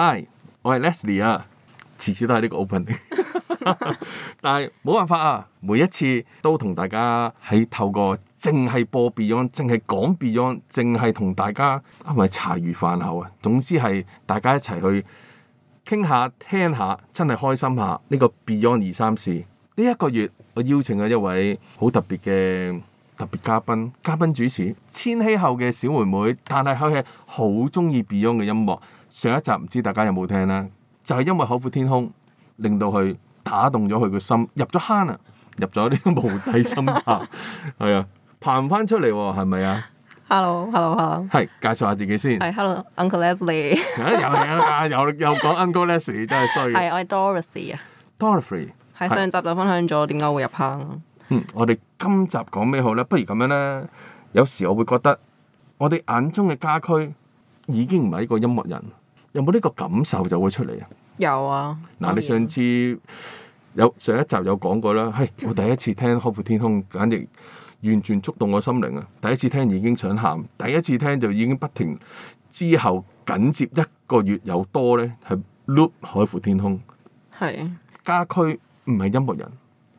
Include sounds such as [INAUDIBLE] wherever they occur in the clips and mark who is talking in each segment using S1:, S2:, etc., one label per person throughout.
S1: Hi，我係 Leslie 啊，次次都係呢個 opening， [LAUGHS] 但係冇辦法啊，每一次都同大家喺透過淨係播 Beyond，淨係講 Beyond，淨係同大家啊，唔係茶餘飯後啊，總之係大家一齊去傾下、聽下，真係開心下呢、這個 Beyond 二三事。呢、這、一個月我邀請咗一位好特別嘅特別嘉賓，嘉賓主持千禧後嘅小妹妹，但係佢係好中意 Beyond 嘅音樂。上一集唔知大家有冇聽啦，就係、是、因為《海闊天空》令到佢打動咗佢個心，入咗坑啊，入咗呢個無底深淵，係 [LAUGHS] 啊，爬唔翻出嚟，係咪啊
S2: ？Hello，Hello，Hello，
S1: 係介紹下自己先。
S2: 係 Hello，Uncle Leslie
S1: [LAUGHS] 啊。又講、啊、Uncle Leslie 真係 sorry 係我
S2: 係 Dorothy 啊是。
S1: Dorothy 是。
S2: 喺上集就分享咗點解會入坑。嗯，
S1: 我哋今集講咩好咧？不如咁樣咧，有時我會覺得我哋眼中嘅家居。已經唔係一個音樂人，有冇呢個感受就會出嚟啊？
S2: 有啊！嗱、啊，你上
S1: 次有上一集有講過啦，係我第一次聽《海闊天空》，簡直完全觸動我心靈啊！第一次聽已經想喊，第一次聽就已經不停。之後緊接一個月有多咧，係 loop《海闊天空》是。係。家駒唔係音樂人，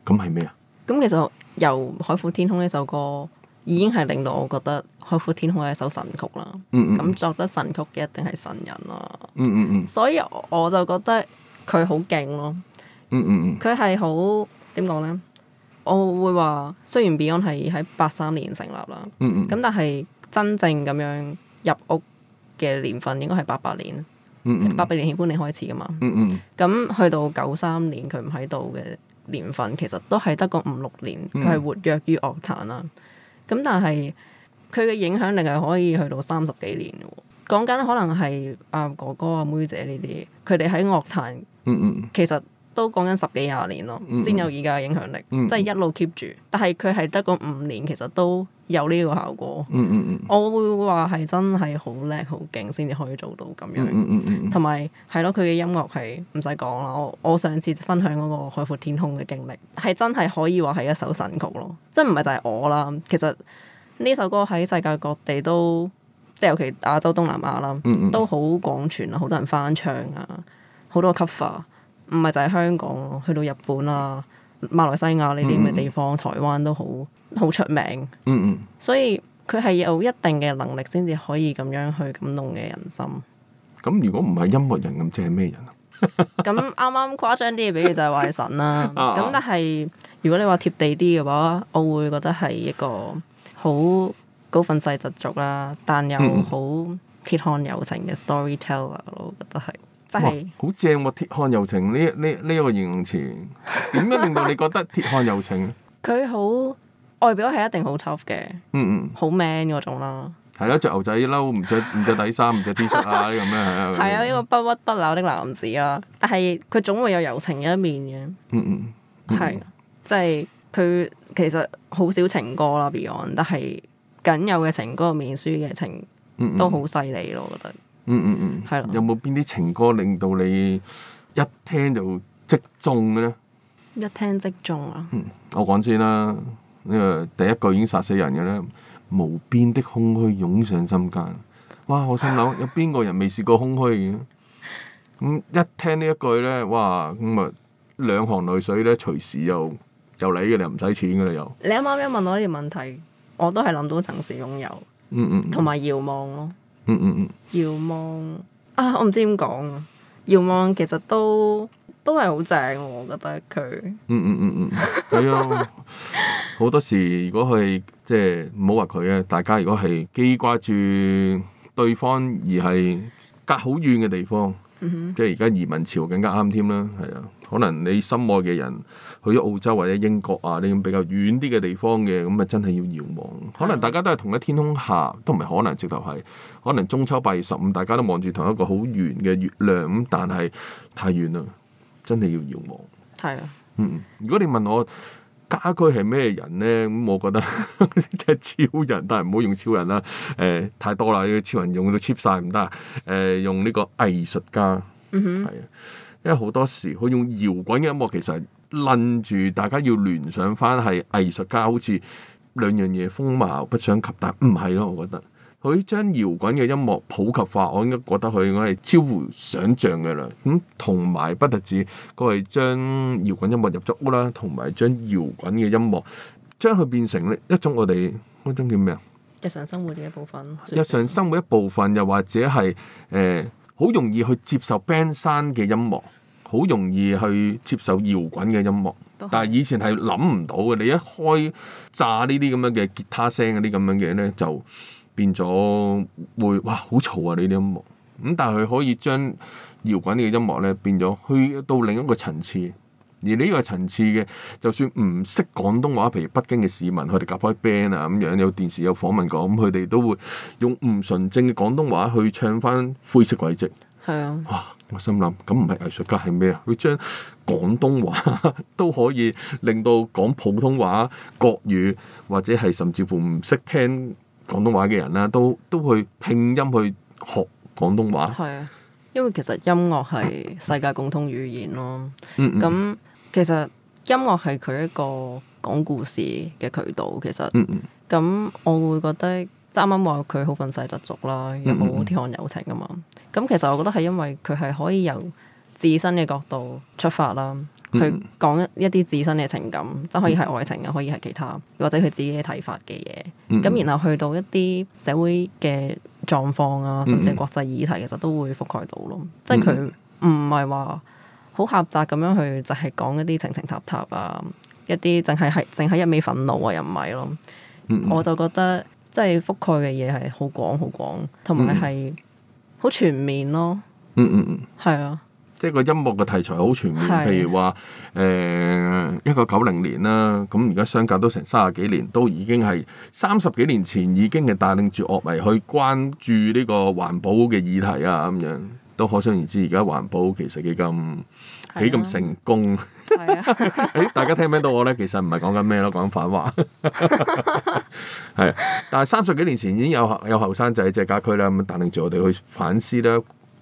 S1: 咁係咩啊？
S2: 咁其實由《海闊天空》呢首歌已經係令到我覺得。海闊天空係一首神曲啦，咁作得神曲嘅一定係神人啦。嗯嗯嗯。所以我就覺得佢好勁咯。佢係好點講咧？我會話，雖然 Beyond 係喺八三年成立啦，嗯，嗯，咁但係真正咁樣入屋嘅年份應該係八八年，嗯嗯、八八年喜歡你開始噶嘛，嗯、嗯、咁去到九三年佢唔喺度嘅年份，其實都係得個五六年，佢係活躍於樂壇啦。咁但係。佢嘅影響力係可以去到三十幾年嘅、啊、喎，講緊可能係阿、啊、哥哥、阿妹姐呢啲，佢哋喺樂壇，嗯嗯，其實都講緊十幾廿年咯，嗯嗯，先有而家嘅影響力，嗯嗯，即係一路 keep 住。但係佢係得嗰五年，其實都有呢個效果。嗯嗯，我會話係真係好叻、好勁先至可以做到咁樣。同埋係咯，佢、嗯、嘅、嗯、音樂係唔使講啦。我我上次分享嗰個《海闊天空》嘅經歷，係真係可以話係一首神曲咯。即係唔係就係我啦，其實。呢首歌喺世界各地都，即係尤其亞洲東南亞啦，嗯嗯都好廣傳啦，好多人翻唱啊，好多 cover，唔係就係香港咯，去到日本啊、馬來西亞呢啲咁嘅地方，嗯嗯台灣都好好出名。
S1: 嗯嗯
S2: 所以佢係有一定嘅能力先至可以咁樣去感動嘅人心。
S1: 咁如果唔係音樂人咁，即係咩人啊？
S2: 咁啱啱誇張啲嘅比如就係話神啦、啊。咁 [LAUGHS] 但係如果你話貼地啲嘅話，我會覺得係一個。好高憤世嫉俗啦，但又好鐵漢柔情嘅 storyteller，我覺得係，真係
S1: 好正喎！鐵漢柔情呢？呢、呢、呢、個呢個形容詞點解令到你覺得鐵漢柔情？
S2: 佢好外表係一定好 tough 嘅，嗯嗯，好 man 嗰種啦，
S1: 係咯，着牛仔褸，唔着唔着底衫，唔着 T 恤啊呢咁樣，係啊，呢
S2: 個不屈不撓的男子啦，但係佢總會有柔情一面嘅，嗯嗯，係、嗯，即係、嗯。嗯嗯嗯嗯佢其實好少情歌啦，Beyond，但係僅有嘅情歌，面書嘅情嗯嗯都好犀利咯，我覺得。嗯嗯
S1: 嗯，係的。有冇邊啲情歌令到你一聽就即中嘅咧？
S2: 一聽即中啊！
S1: 嗯、我講先啦，呢個第一句已經殺死人嘅咧，無邊的空虛湧上心間。哇！我心諗有邊個人未試過空虛嘅？咁、 [LAUGHS] 嗯、一聽呢一句咧，哇！咁啊，兩行淚水咧，隨時又～就你嘅你又唔使錢嘅啦又。
S2: 你啱啱一問我呢啲問題，我都係諗到曾經擁有，
S1: 嗯嗯，同
S2: 埋遙望咯，嗯嗯嗯，遙望，嗯嗯嗯遙望啊，我唔知點講啊，遙望其實都都係好正喎，我覺得佢，
S1: 嗯嗯嗯嗯，係啊，好 [LAUGHS] 多時如果係即係唔好話佢啊，大家如果係記掛住對方而係隔好遠嘅地方，嗯嗯嗯即係而家移民潮更加啱添啦，係啊。可能你心愛嘅人去咗澳洲或者英國啊，你咁比較遠啲嘅地方嘅，咁啊真係要遙望。可能大家都係同一天空下，都唔係可能直頭係可能中秋八月十五，大家都望住同一個好圓嘅月亮咁，但係太遠啦，真係要遙望。係啊，嗯，如果你問我家居係咩人咧，咁我覺得即係 [LAUGHS] 超人，但係唔好用超人啦。誒、呃，太多啦，超人用到 cheap 晒，唔得。誒，用呢個藝術家。嗯啊哼。係啊。因為好多時佢用搖滾嘅音樂，其實係撚住大家要聯想返係藝術家，好似兩樣嘢風貌不相及，但唔係咯，我覺得佢將搖滾嘅音樂普及化，我應該覺得佢應該係超乎想像嘅啦。咁同埋不特止佢係將搖滾音樂入咗屋啦，同埋將搖滾嘅音樂將佢變成一種我哋嗰種叫咩啊？日常生活嘅一部
S2: 分。日常生活嘅一部分，日常
S1: 生活嘅一部分，又或者係誒。呃好容易去接受 band 山嘅音樂，好容易去接受搖滾嘅音樂，但係以前係諗唔到嘅。你一開炸呢啲咁樣嘅吉他聲嗰啲咁樣嘅嘢咧，就變咗會哇好嘈啊！你啲音樂咁，但係佢可以將搖滾呢個音樂咧變咗去到另一個層次。而呢個層次嘅，就算唔識廣東話，譬如北京嘅市民，佢哋夾開 band 啊咁樣，有電視有訪問講，咁佢哋都會用唔純正嘅廣東話去唱翻灰色軌跡。
S2: 係啊！哇、啊！
S1: 我心諗，咁唔係藝術家係咩啊？佢將廣東話呵呵都可以令到講普通話、國語或者係甚至乎唔識聽廣東話嘅人啦，都都去拼音去學廣東話。
S2: 係啊，因為其實音樂係世界共通語言咯。咁、嗯嗯。其實音樂係佢一個講故事嘅渠道，其實，咁、嗯嗯、我會覺得，啱啱話佢好憤世嫉俗啦，又好天旱友情啊嘛，咁其實我覺得係因為佢係可以由自身嘅角度出發啦，去、嗯、講一啲自身嘅情感，即、嗯、可以係愛情又、嗯、可以係其他，或者佢自己嘅睇法嘅嘢，咁、嗯嗯、然後去到一啲社會嘅狀況啊，甚至係國際議題，嗯、其實都會覆蓋到咯，即係佢唔係話。好狹窄咁樣去，就係、是、講一啲情情塔塔啊，一啲淨係係淨係一味憤怒啊，又唔係咯。嗯嗯我就覺得即係、就是、覆蓋嘅嘢係好廣好廣，同埋係好全面咯。嗯嗯嗯，係啊，
S1: 即係個音樂嘅題材好全面。譬如話誒，一九九零年啦，咁而家相隔都成三十幾年，都已經係三十幾年前已經係帶領住樂迷去關注呢個環保嘅議題啊，咁樣。都可想而知，而家環保其實幾咁幾咁成功。誒， [LAUGHS] 大家聽唔聽到我咧？其實唔係講緊咩咯，講反話。係、 [LAUGHS] 啊，但係三十幾年前已經有有後生仔即係家駒啦，咁帶領住我哋去反思咧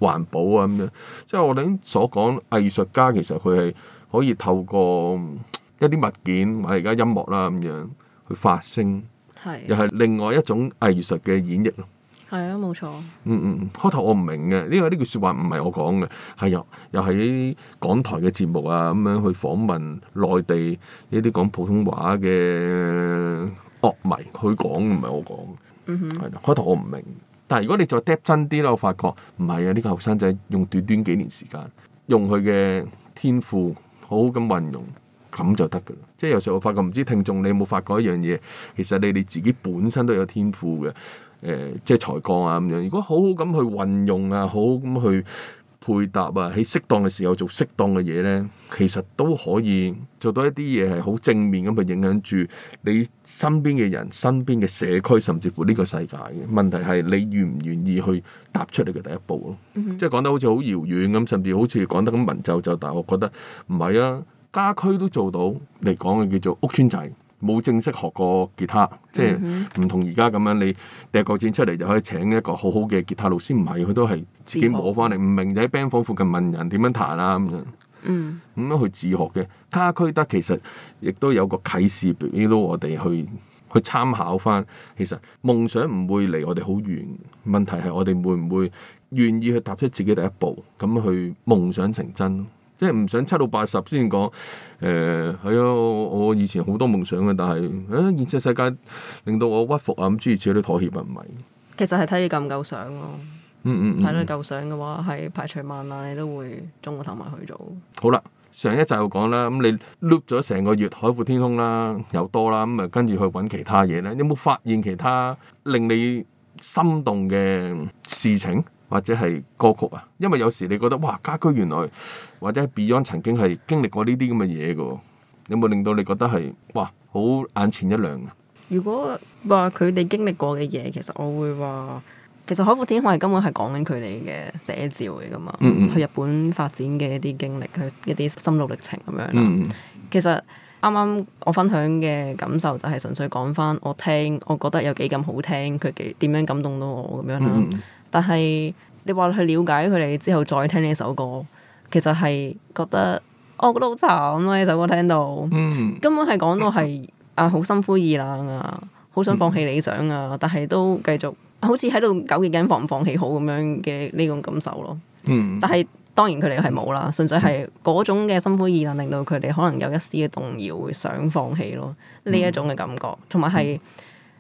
S1: 環保啊咁樣。即、就、係、是、我哋所講藝術家，其實佢係可以透過一啲物件，或者而家音樂啦咁樣去發聲，啊、又係另外一種藝術嘅演繹咯。
S2: 係、嗯嗯，這個、啊，冇錯。嗯嗯
S1: 嗯，開頭我唔明嘅，因為呢句説話唔係我講嘅，係又又喺港台嘅節目啊咁樣去訪問內地呢啲講普通話嘅樂迷，佢講唔係我講。嗯哼，係啦，開頭我唔明，但係如果你再嗒真啲咧，我發覺唔係啊，呢、呢個後生仔用短短幾年時間，用佢嘅天賦好好咁運用。咁就得噶啦，即係有時候我發覺唔知聽眾你有冇發覺一樣嘢，其實你哋自己本身都有天賦嘅，誒、呃，即係才幹啊咁樣。如果好好咁去運用啊，好好咁去配搭啊，喺適當嘅時候做適當嘅嘢咧，其實都可以做到一啲嘢係好正面咁去影響住你身邊嘅人、身邊嘅社區，甚至乎呢個世界嘅問題係你願唔願意去踏出你嘅第一步咯、啊。Mm hmm. 即係講得好似好遙遠咁，甚至好似講得咁文縐縐，但係我覺得唔係啊。家駒都做到嚟講嘅叫做屋村仔，冇正式學過吉他，mm hmm. 即係唔同而家咁樣，你掟個錢出嚟就可以請一個好好嘅吉他老師，唔係佢都係自己摸翻嚟，唔明就喺 band 房附近問人點樣彈啊咁樣。咁樣去自學嘅家駒得，其實亦都有個啟示俾到我哋去去參考翻。其實夢想唔會離我哋好遠，問題係我哋會唔會願意去踏出自己第一步，咁去夢想成真。即係唔想七老八十先講，誒係啊！我以前好多夢想嘅，但係誒、呃、現實世界令到我屈服啊！咁諸如此類妥協啊，唔係。
S2: 其實係睇你夠唔夠想咯。嗯，
S1: 嗯嗯，睇你夠
S2: 想嘅話，係排除萬難，你都會衝個頭埋去做。
S1: 好啦，上一集又講啦，咁你 loop 咗成個月海闊天空啦，又多啦，咁啊跟住去揾其他嘢咧，有冇發現其他令你心動嘅事情？或者係歌曲啊，因為有時你覺得哇，家駒原來或者 Beyond 曾經係經歷過呢啲咁嘅嘢嘅，有冇令到你覺得係哇好眼前一亮啊？
S2: 如果話佢哋經歷過嘅嘢，其實我會話，其實《海闊天空》係根本係講緊佢哋嘅寫照嚟噶嘛，嗯嗯去日本發展嘅一啲經歷，佢一啲心路歷程咁樣啦。嗯嗯其實啱啱我分享嘅感受就係純粹講翻我聽，我覺得有幾咁好聽，佢幾點樣感動到我咁樣啦。嗯嗯但係你話去了解佢哋之後再聽呢首歌，其實係覺得，我覺得好慘啊！呢首歌聽到，根本係講到係啊，好心灰意冷啊，好想放棄理想啊，但係都繼續，好似喺度糾結緊放唔放棄好咁樣嘅呢種感受咯。但係當然佢哋係冇啦，純粹係嗰種嘅心灰意冷令到佢哋可能有一絲嘅動搖，會想放棄咯。呢一種嘅感覺，同埋係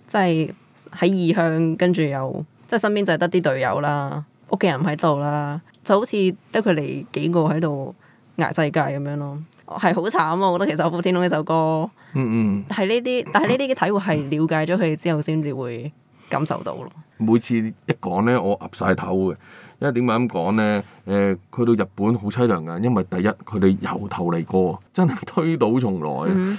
S2: 即係喺異鄉跟住又即係身邊就係得啲隊友啦，屋企人唔喺度啦，就好似得佢哋幾個喺度捱世界咁樣咯，係好慘啊！我覺得其實《海闊天空》呢首歌，嗯嗯，係呢啲，但係呢啲嘅體會係了解咗佢之後先至會感受到咯。嗯、
S1: 每次一講咧，我岌晒頭嘅，因為點解咁講咧？誒、呃，去到日本好凄涼嘅，因為第一佢哋由頭嚟過，真係推倒重來。嗯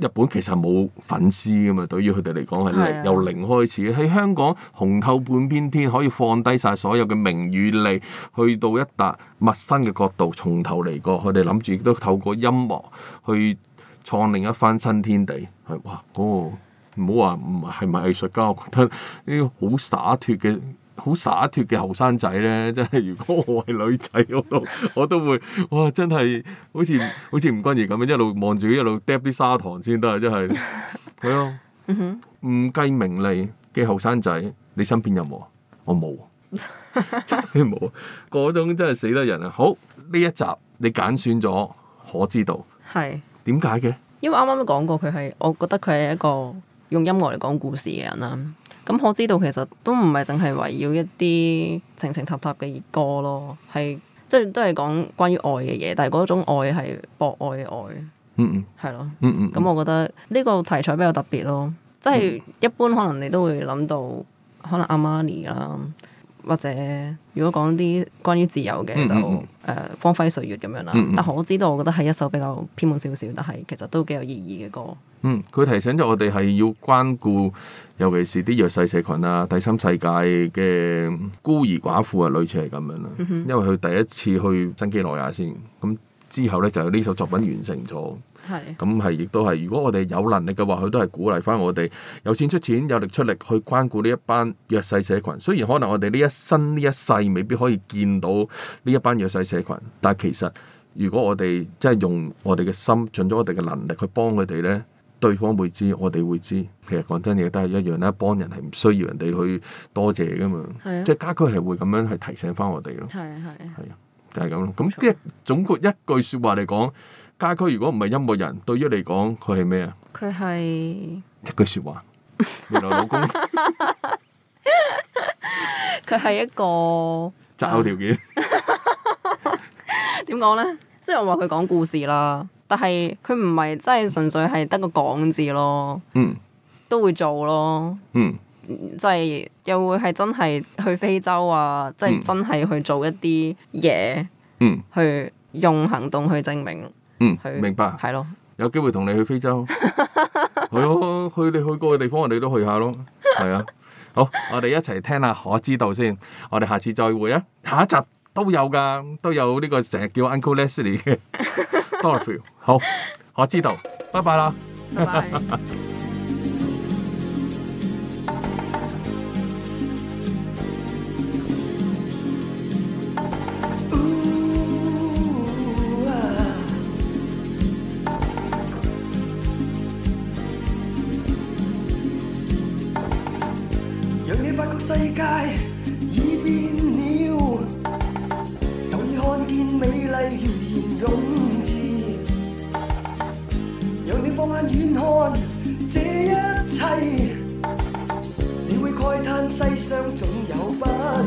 S1: 日本其實冇粉絲㗎嘛，對於佢哋嚟講係由零開始。喺的香港紅透半邊天，可以放低晒所有嘅名與利，去到一笪陌生嘅角度，從頭嚟過。佢哋諗住都透過音樂去創另一番新天地。係哇，嗰個唔好話唔係係咪藝術家，我覺得呢個好灑脱嘅。好灑脱嘅後生仔咧，真係如果我係女仔，我都我都會哇！真係好似好似吳君如咁樣一路望住一路嗒啲砂糖先得，真係係啊！
S2: 唔
S1: [LAUGHS] 計名利嘅後生仔，你身邊有冇啊？我冇，真係冇。嗰 [LAUGHS] 種真係死得人啊！好，呢一集你揀選咗，可知道。係點解嘅？
S2: 因為啱啱都講過，佢係我覺得佢係一個用音樂嚟講故事嘅人啦。咁、嗯、我知道其實都唔係淨係圍繞一啲情情塔塔嘅熱歌咯，係即係都係講關於愛嘅嘢，但係嗰種愛係博愛嘅愛，嗯嗯，係咯的，嗯，嗯嗯，咁、嗯、我覺得呢個題材比較特別咯，即、就、係、是、一般可能你都會諗到可能阿媽尼啊。或者如果講啲關於自由嘅就誒光、嗯嗯呃、輝歲月咁樣啦，嗯嗯、但係我知道我覺得係一首比較偏門少少，但係其實都幾有意義嘅歌。嗯，
S1: 佢提醒咗我哋係要關顧，尤其是啲弱勢社群啊、第三世界嘅孤兒寡婦啊，類似係咁樣啦。嗯嗯、因為佢第一次去新幾內亞先，咁之後咧就呢首作品完成咗。咁係，亦都係。如果我哋有能力嘅話，佢都係鼓勵翻我哋有錢出錢，有力出力去關顧呢一班弱勢社群。雖然可能我哋呢一生呢一世未必可以見到呢一班弱勢社群，但係其實如果我哋即係用我哋嘅心，盡咗我哋嘅能力去幫佢哋咧，對方會知，我哋會知。其實講真嘢都係一樣啦，幫人係唔需要人哋去多謝噶嘛。即係家居係會咁樣係提醒翻我哋咯。係啊係係啊，就係咁咯。咁即係總括一句説話嚟講。街區如果唔係音樂人，對於你講佢係咩啊？佢係一句説話，原來老
S2: 公佢係 [LAUGHS] [LAUGHS] 一個擇偶條件。點講咧？雖然我話佢講故事啦，但係佢唔係真係純粹係得個講字咯。嗯，都會做咯。嗯，即係又會係真係去非洲啊，即係真係去做一啲嘢。
S1: 嗯，
S2: 去用行動去證明。
S1: 嗯，去明白，係咯，有機會同你去非洲，係 [LAUGHS] 咯，去你去過嘅地方，我哋都去下咯，係咯，好，我哋一齊聽下，可知道先，我哋下次再會啊，下一集都有噶，都有呢個成日叫 Uncle Leslie 嘅，多謝 [LAUGHS] [LAUGHS] 好，我知道，拜拜啦。Bye bye. [LAUGHS]
S3: 變了，看見美麗如煙湧至。讓你放眼遠看這一切，你會慨嘆世上總有不安。